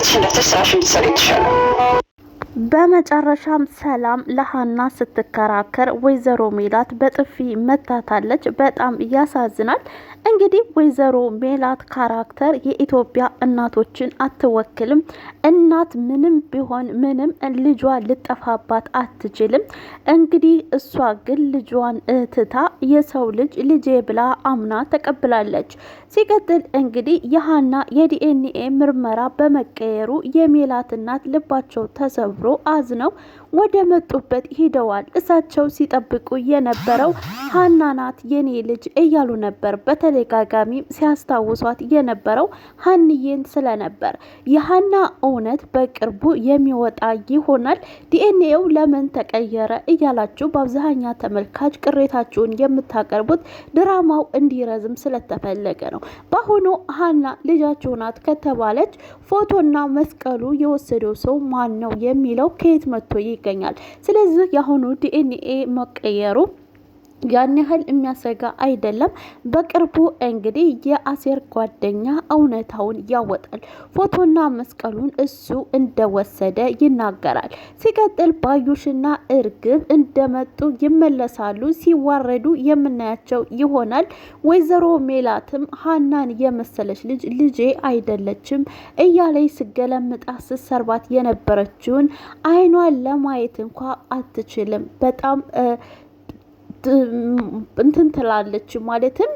ከቤትሽ እንዳትሽ ስራሽ እንድትሰሪ ይሻላል። በመጨረሻም ሰላም ለሀና ስትከራከር ወይዘሮ ሜላት በጥፊ መታታለች። በጣም ያሳዝናል። እንግዲህ ወይዘሮ ሜላት ካራክተር የኢትዮጵያ እናቶችን አትወክልም። እናት ምንም ቢሆን ምንም ልጇ ልጠፋባት አትችልም። እንግዲህ እሷ ግን ልጇን እትታ የሰው ልጅ ልጄ ብላ አምና ተቀብላለች። ሲቀጥል እንግዲህ የሀና የዲኤንኤ ምርመራ በመቀየሩ የሜላት እናት ልባቸው ተሰብሮ አዝነው ወደ መጡበት ሂደዋል። እሳቸው ሲጠብቁ የነበረው ሀና ናት የኔ ልጅ እያሉ ነበር። በተደጋጋሚ ሲያስታውሷት የነበረው ሀንዬን ስለነበር የሀና እውነት በቅርቡ የሚወጣ ይሆናል። ዲኤንኤው ለምን ተቀየረ እያላችሁ በአብዛኛ ተመልካች ቅሬታችሁን የምታቀርቡት ድራማው እንዲረዝም ስለተፈለገ ነው። በአሁኑ ሀና ልጃችሁ ናት ከተባለች ፎቶና መስቀሉ የወሰደው ሰው ማን ነው የሚለው ከየት መጥቶ ይገኛል። ስለዚህ የአሁኑ ዲኤንኤ መቀየሩ ያን ያህል የሚያሰጋ አይደለም። በቅርቡ እንግዲህ የአሴር ጓደኛ እውነታውን ያወጣል። ፎቶና መስቀሉን እሱ እንደወሰደ ይናገራል። ሲቀጥል ባዩሽና እርግብ እንደመጡ ይመለሳሉ። ሲዋረዱ የምናያቸው ይሆናል። ወይዘሮ ሜላትም ሀናን የመሰለች ልጅ ልጄ አይደለችም እያለይ ስገለምጣ ስሰርባት የነበረችውን አይኗን ለማየት እንኳ አትችልም በጣም እንትን ትላለች፣ ማለትም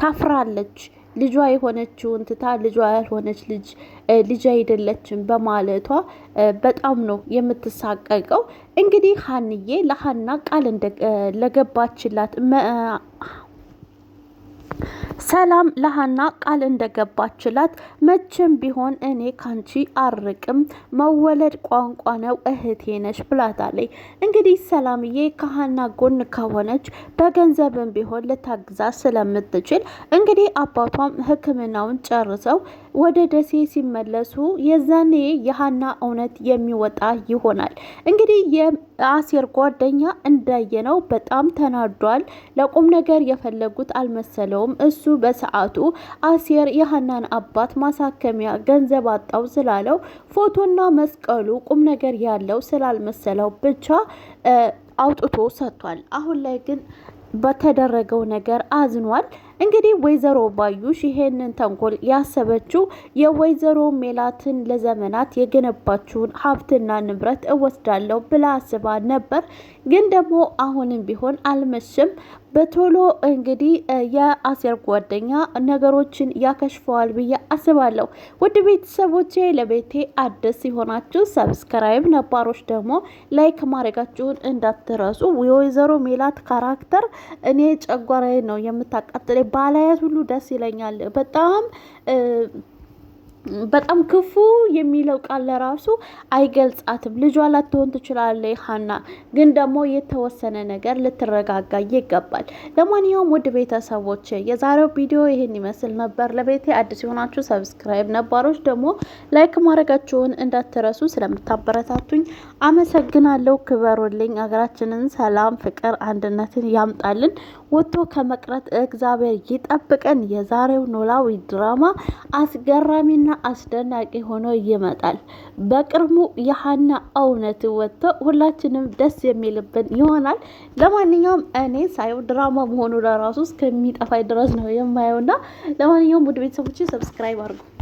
ታፍራለች። ልጇ የሆነችውን ትታ ልጇ ያልሆነች ልጅ ልጅ አይደለችም በማለቷ በጣም ነው የምትሳቀቀው። እንግዲህ ሀንዬ ለሀና ቃል ለገባችላት ሰላም ለሀና ቃል እንደገባችላት መቼም ቢሆን እኔ ካንቺ አርቅም፣ መወለድ ቋንቋ ነው፣ እህቴ ነሽ ብላታለች። እንግዲህ ሰላምዬ ከሀና ጎን ከሆነች በገንዘብም ቢሆን ልታግዛ ስለምትችል እንግዲህ አባቷም ሕክምናውን ጨርሰው ወደ ደሴ ሲመለሱ የዛኔ የሀና እውነት የሚወጣ ይሆናል። እንግዲህ የአሴር ጓደኛ እንዳየነው በጣም ተናዷል። ለቁም ነገር የፈለጉት አልመሰለውም። እሱ በሰዓቱ አሴር የሀናን አባት ማሳከሚያ ገንዘብ አጣው ስላለው ፎቶና መስቀሉ ቁም ነገር ያለው ስላልመሰለው ብቻ አውጥቶ ሰጥቷል። አሁን ላይ ግን በተደረገው ነገር አዝኗል። እንግዲህ ወይዘሮ ባዩሽ ይሄንን ተንኮል ያሰበችው የወይዘሮ ሜላትን ለዘመናት የገነባችውን ሀብትና ንብረት እወስዳለሁ ብላ አስባ ነበር። ግን ደግሞ አሁንም ቢሆን አልመሽም። በቶሎ እንግዲህ የአሴር ጓደኛ ነገሮችን ያከሽፈዋል ብዬ አስባለሁ። ውድ ቤተሰቦቼ ለቤቴ አዲስ የሆናችሁ ሰብስክራይብ፣ ነባሮች ደግሞ ላይክ ማድረጋችሁን እንዳትረሱ። የወይዘሮ ሜላት ካራክተር እኔ ጨጓራዬ ነው የምታቃጥለኝ። ባላያት ሁሉ ደስ ይለኛል በጣም በጣም ክፉ የሚለው ቃል ለራሱ አይገልጻትም። ልጇ ላትሆን ትችላለች ሀና፣ ግን ደግሞ የተወሰነ ነገር ልትረጋጋ ይገባል። ለማንኛውም ውድ ቤተሰቦች የዛሬው ቪዲዮ ይህን ይመስል ነበር። ለቤቴ አዲስ የሆናችሁ ሰብስክራይብ፣ ነባሮች ደግሞ ላይክ ማድረጋችሁን እንዳትረሱ። ስለምታበረታቱኝ አመሰግናለሁ። ክበሩልኝ። ሀገራችንን ሰላም፣ ፍቅር፣ አንድነትን ያምጣልን። ወጥቶ ከመቅረት እግዚአብሔር ይጠብቀን። የዛሬው ኖላዊ ድራማ አስገራሚና አስደናቂ ሆኖ ይመጣል። በቅርቡ የሀና እውነት ወጥቶ ሁላችንም ደስ የሚልብን ይሆናል። ለማንኛውም እኔ ሳየው ድራማ መሆኑ ለራሱ እስከሚጠፋ ድረስ ነው የማየውና ለማንኛውም ውድ ቤተሰቦች ሰብስክራይብ አድርጉ።